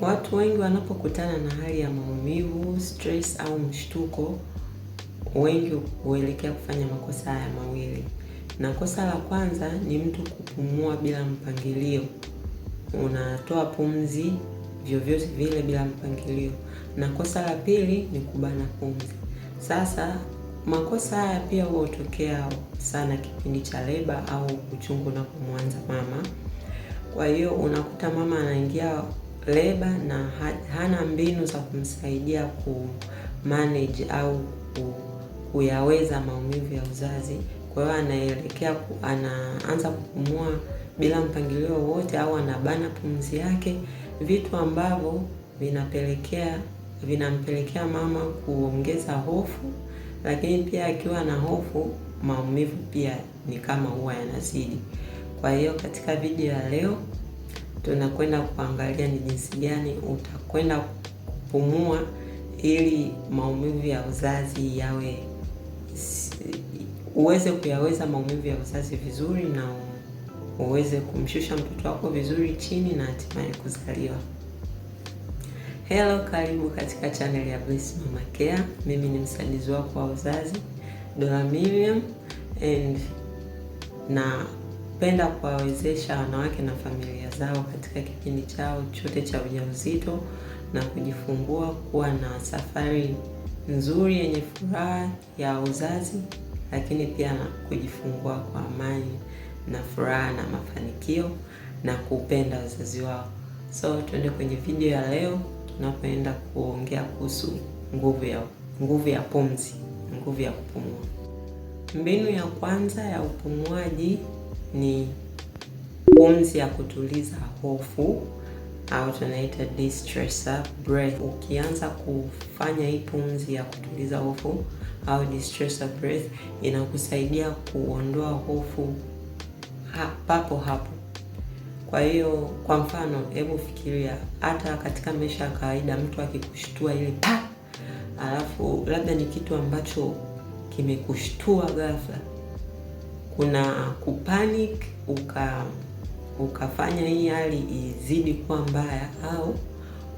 Watu wengi wanapokutana na hali ya maumivu, stress au mshtuko, wengi huelekea kufanya makosa haya mawili, na kosa la kwanza ni mtu kupumua bila mpangilio. Unatoa pumzi vyovyote vile bila mpangilio, na kosa la pili ni kubana pumzi. Sasa makosa haya pia huwa hutokea sana kipindi cha leba au uchungu unapomwanza mama. Kwa hiyo unakuta mama anaingia leba na hana mbinu za kumsaidia ku manage au ku, kuyaweza maumivu ya uzazi. Kwa hiyo anaelekea anaanza kupumua bila mpangilio wowote au anabana pumzi yake, vitu ambavyo vinapelekea vinampelekea mama kuongeza hofu, lakini pia akiwa na hofu maumivu pia ni kama huwa yanazidi. Kwa hiyo katika video ya leo tunakwenda kuangalia ni jinsi gani utakwenda kupumua ili maumivu ya uzazi yawe uweze kuyaweza maumivu ya uzazi vizuri na uweze kumshusha mtoto wako vizuri chini na hatimaye kuzaliwa. Hello, karibu katika channel ya Bliss Mama Care. Mimi ni msaidizi wako wa uzazi Dora Miriam and na penda kuwawezesha wanawake na familia zao katika kipindi chao chote cha ujauzito na kujifungua kuwa na safari nzuri yenye furaha ya uzazi, lakini pia na kujifungua kwa amani na furaha na mafanikio na kuupenda uzazi wao. So tuende kwenye video ya leo tunapoenda kuongea kuhusu nguvu ya nguvu ya pumzi, nguvu ya kupumua. Mbinu ya kwanza ya upumuaji ni pumzi ya kutuliza hofu au tunaita distressor breath. Ukianza kufanya hii pumzi ya kutuliza hofu au distressor breath, inakusaidia kuondoa hofu ha, papo hapo. Kwa hiyo kwa mfano, hebu fikiria hata katika maisha ya kawaida, mtu akikushtua ile pa, alafu labda ni kitu ambacho kimekushtua ghafla kuna kupanic uka ukafanya hii hali izidi kuwa mbaya, au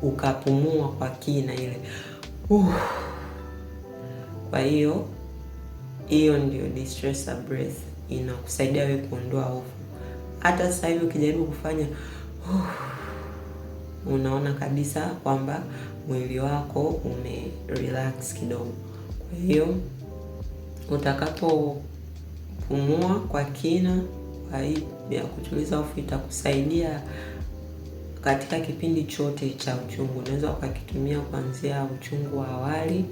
ukapumua kwa kina ile uh. Kwa hiyo hiyo ndio distress breath inakusaidia wewe kuondoa hofu. Hata sasa hivi ukijaribu kufanya uh, unaona kabisa kwamba mwili wako ume relax kidogo. Kwa hiyo utakapo pumua kwa kina ya kutuliza hofu itakusaidia katika kipindi chote cha uchungu. Unaweza ukakitumia kuanzia uchungu wa awali.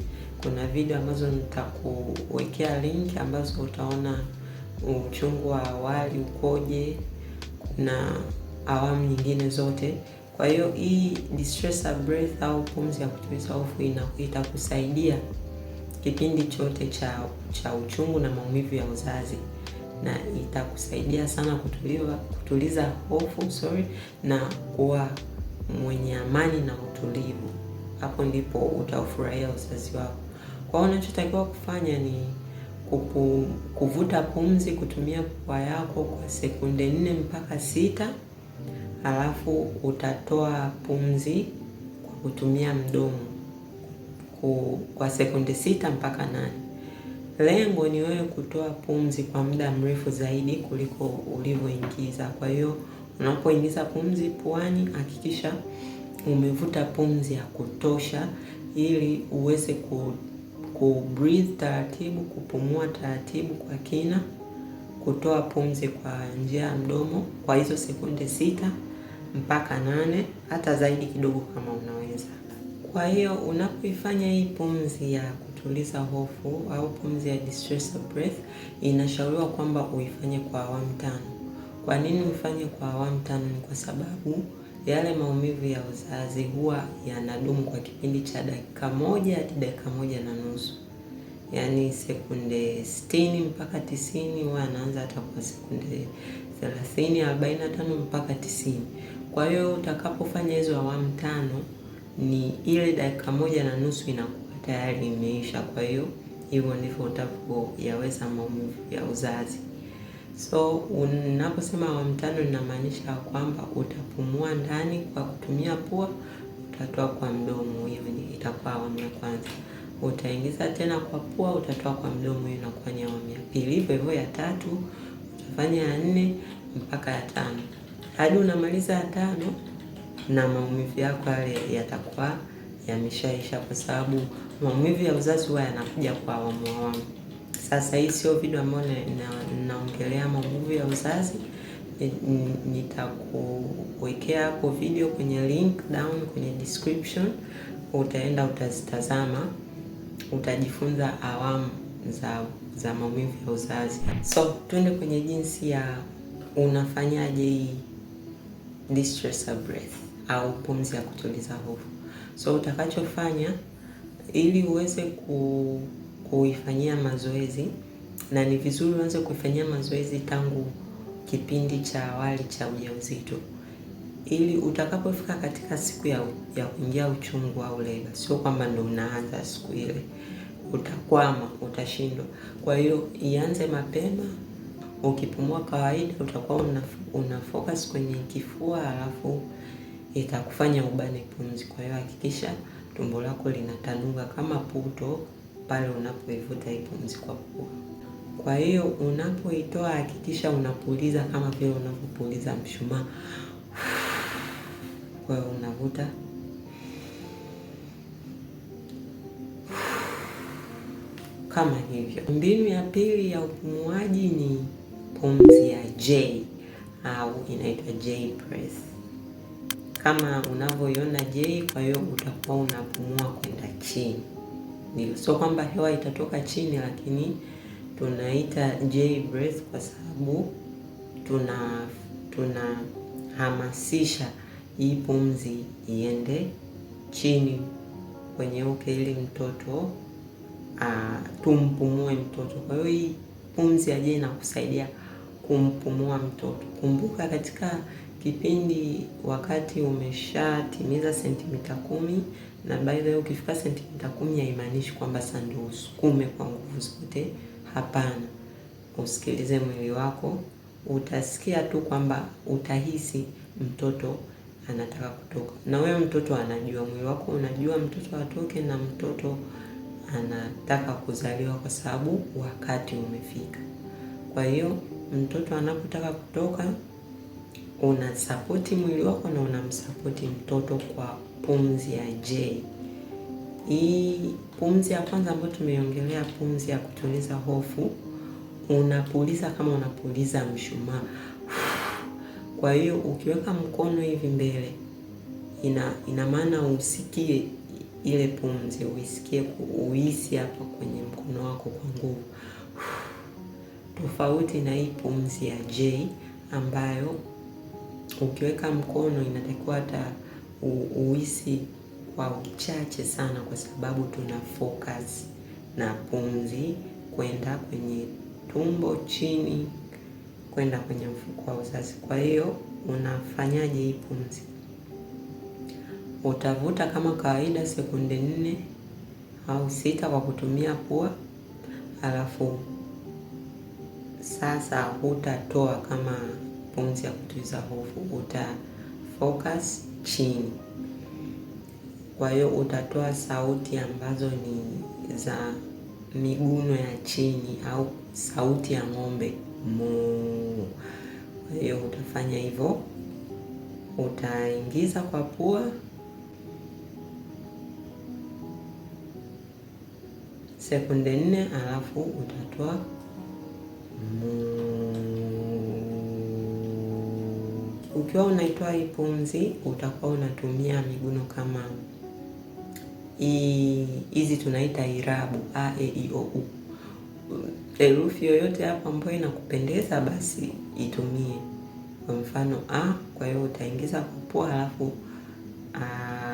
Kuna video ambazo nitakuwekea link ambazo utaona uchungu wa awali ukoje na awamu nyingine zote. Kwa hiyo hii distress breath au pumzi ya kutuliza hofu itakusaidia kipindi chote cha, cha uchungu na maumivu ya uzazi na itakusaidia sana kutuliwa, kutuliza hofu sorry, na kuwa mwenye amani na utulivu. Hapo ndipo utaufurahia uzazi wako. Kwa hiyo unachotakiwa kufanya ni kupu, kuvuta pumzi, kutumia pua yako kwa sekunde nne mpaka sita, halafu utatoa pumzi kwa kutumia mdomo kwa sekunde sita mpaka nane. Lengo ni wewe kutoa pumzi kwa muda mrefu zaidi kuliko ulivyoingiza. Kwa hiyo unapoingiza pumzi puani, hakikisha umevuta pumzi ya kutosha, ili uweze ku, ku breathe taratibu, kupumua taratibu kwa kina, kutoa pumzi kwa njia ya mdomo kwa hizo sekunde sita mpaka nane, hata zaidi kidogo kama unaweza. Kwa hiyo unapoifanya hii pumzi ya kutuliza hofu au pumzi ya distress breath, inashauriwa kwamba uifanye kwa awamu tano. Kwa nini uifanye kwa awamu tano? Ni kwa sababu yale maumivu ya uzazi huwa yanadumu kwa kipindi cha dakika moja hadi dakika moja na nusu, yaani sekunde sitini mpaka tisini huwa anaanza hata kwa sekunde thelathini arobaini na tano mpaka tisini. Kwa hiyo utakapofanya hizo awamu tano ni ile dakika moja na nusu inakuwa tayari imeisha. Kwa hiyo hivyo ndivyo utavyoyaweza maumivu ya uzazi. So unaposema awamu tano, inamaanisha kwamba utapumua ndani kwa kutumia pua, utatoa kwa mdomo. Hiyo itakuwa awamu ya kwanza. Utaingiza tena kwa pua, utatoa kwa mdomo. Hiyo inakuwa ni awamu ya pili. Hivyo hivyo ya tatu utafanya ya nne mpaka ya tano hadi unamaliza ya tano na maumivu yako yale yatakuwa yameshaisha, kwa sababu maumivu ya uzazi huwa yanakuja kwa awamu awamu. Sasa hii sio video ambayo ninaongelea maumivu ya uzazi. Nitakuwekea hapo video kwenye link down kwenye description, utaenda utazitazama, utajifunza awamu za za maumivu ya uzazi. So tuende kwenye jinsi ya unafanyaje hii distress breath au pumzi ya kutuliza hofu. So utakachofanya ili uweze ku, kuifanyia mazoezi, na ni vizuri uanze kuifanyia mazoezi tangu kipindi cha awali cha ujauzito, ili utakapofika katika siku ya, ya kuingia uchungu au lega, sio kwamba ndo unaanza siku ile, utakwama, utashindwa. Kwa hiyo ianze mapema. Ukipumua kawaida, utakuwa una, una focus kwenye kifua alafu itakufanya ubane pumzi. Kwa hiyo hakikisha tumbo lako linatanuka kama puto pale unapoivuta hii pumzi kwa pua. Kwa hiyo unapoitoa hakikisha unapuliza kama vile unavyopuliza mshumaa. Kwa hiyo unavuta kama hivyo. Mbinu ya pili ya upumuaji ni pumzi ya J au inaitwa J press kama unavyoiona J. Kwa hiyo utakuwa unapumua kwenda chini, ndio sio kwamba hewa itatoka chini, lakini tunaita J breath kwa sababu tuna tunahamasisha hii pumzi iende chini kwenye uke ili mtoto tumpumue mtoto. Kwa hiyo hii pumzi ya J inakusaidia kumpumua mtoto. Kumbuka katika kipindi wakati umeshatimiza sentimita kumi, na by the way ukifika sentimita kumi haimaanishi kwamba sasa ndio usukume kwa nguvu zote. Hapana, usikilize mwili wako, utasikia tu kwamba utahisi mtoto anataka kutoka, na wewe mtoto anajua, mwili wako unajua mtoto atoke na mtoto anataka kuzaliwa, kwa sababu wakati umefika. Kwa hiyo mtoto anapotaka kutoka unasapoti mwili wako na unamsapoti mtoto kwa pumzi ya J. Hii pumzi ya kwanza ambayo tumeiongelea, pumzi ya kutuliza hofu, unapuliza kama unapuliza mshumaa. Kwa hiyo ukiweka mkono hivi mbele, ina ina maana usikie ile pumzi, uisikie, uisi hapa kwenye mkono wako kwa nguvu, tofauti na hii pumzi ya J ambayo ukiweka mkono inatakiwa hata uhisi kwa uchache sana, kwa sababu tuna focus na pumzi kwenda kwenye tumbo chini kwenda kwenye mfuko wa uzazi. Kwa hiyo unafanyaje hii pumzi? Utavuta kama kawaida sekunde nne au sita kwa kutumia pua, alafu sasa hutatoa kama pumzi ya kutuliza hofu, uta focus chini. Kwa hiyo utatoa sauti ambazo ni za miguno ya chini au sauti ya ng'ombe moo. Kwa hiyo utafanya hivyo, utaingiza kwa pua sekunde nne, alafu utatoa moo. Ukiwa unaitoa hii pumzi, utakuwa unatumia miguno kama hizi tunaita irabu a e i o u. Herufi yoyote hapo ambayo inakupendeza basi itumie. Kwa mfano a, kwa hiyo utaingiza kwa pua halafu a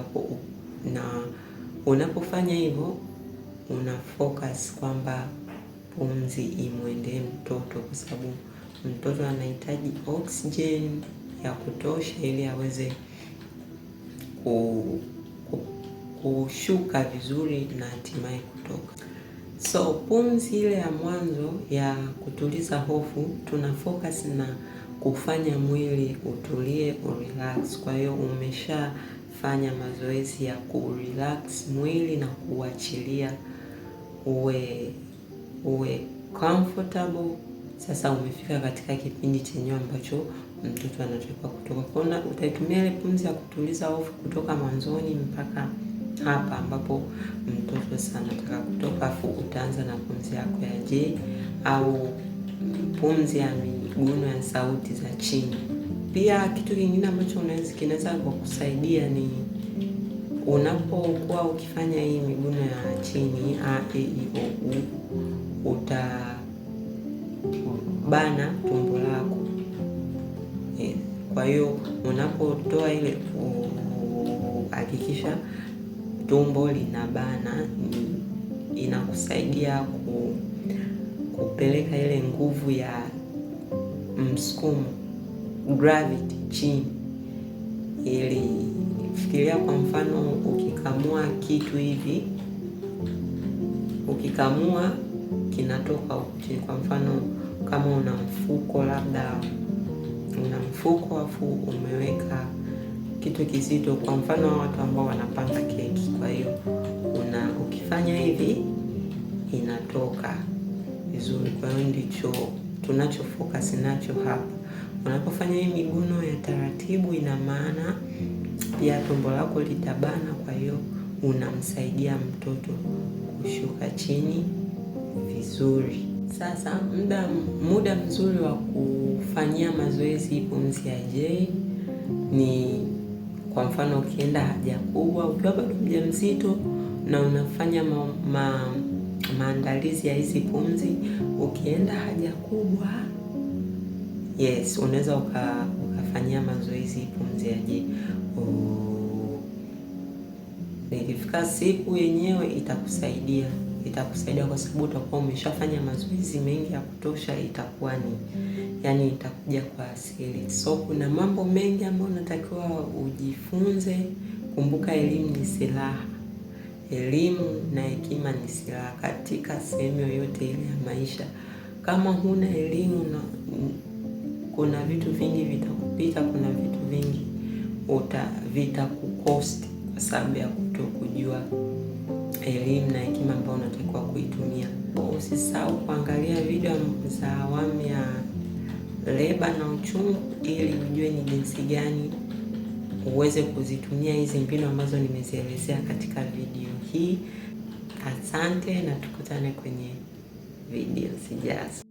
hapo, na unapofanya hivyo una focus kwamba pumzi imwendee mtoto, kwa sababu mtoto anahitaji oxygen ya kutosha ili aweze kushuka vizuri na hatimaye kutoka. So pumzi ile ya mwanzo ya kutuliza hofu, tuna focus na kufanya mwili utulie, urelax. Kwa hiyo umesha fanya mazoezi ya kurelax mwili na kuachilia uwe uwe comfortable. Sasa umefika katika kipindi chenyewe ambacho mtoto anatoka kutoka. kona, utatumia utaitumia ile pumzi ya kutuliza hofu kutoka mwanzoni mpaka hapa ambapo mtoto sasa anataka kutoka, afu utaanza na pumzi yako ya J au pumzi ya miguno ya sauti za chini. Pia kitu kingine ambacho kinaweza kukusaidia ni unapokuwa ukifanya hii miguno ya chini a, e, i, o, u, utabana tumbo lako e, Kwa hiyo unapotoa ile, hakikisha tumbo linabana, inakusaidia ku, kupeleka ile nguvu ya msukumo gravity chini, ili fikiria, kwa mfano ukikamua kitu hivi, ukikamua kinatoka chini. Kwa mfano kama una mfuko labda, una mfuko afu umeweka kitu kizito, kwa mfano watu ambao wanapanga keki. Kwa hiyo una ukifanya hivi inatoka vizuri. Kwa hiyo ndicho tunacho focus nacho hapa. Unapofanya hii miguno ya taratibu, ina maana pia tumbo lako litabana, kwa hiyo unamsaidia mtoto kushuka chini vizuri. Sasa muda muda mzuri wa kufanyia mazoezi pumzi ya J ni kwa mfano, ukienda haja kubwa ukiwa bado mjamzito na unafanya ma, ma, maandalizi ya hizi pumzi, ukienda haja kubwa Yes, unaweza uka, ukafanyia mazoezi pumzi ya jini. Ikifika siku yenyewe itakusaidia, itakusaidia kwa sababu utakuwa umeshafanya mazoezi mengi ya kutosha, itakuwa ni yani itakuja kwa asili. So kuna mambo mengi ambayo unatakiwa ujifunze. Kumbuka elimu ni silaha, elimu na hekima ni silaha katika sehemu yoyote ile ya maisha. Kama huna elimu na kuna vitu vingi vitakupita, kuna vitu vingi uta vitakukosti kwa sababu ya kuto kujua elimu na hekima ambayo unatakiwa kuitumia. Usisahau kuangalia video za awamu ya leba na uchungu, ili ujue ni jinsi gani uweze kuzitumia hizi mbinu ambazo nimezielezea katika video hii. Asante na tukutane kwenye video zijazo.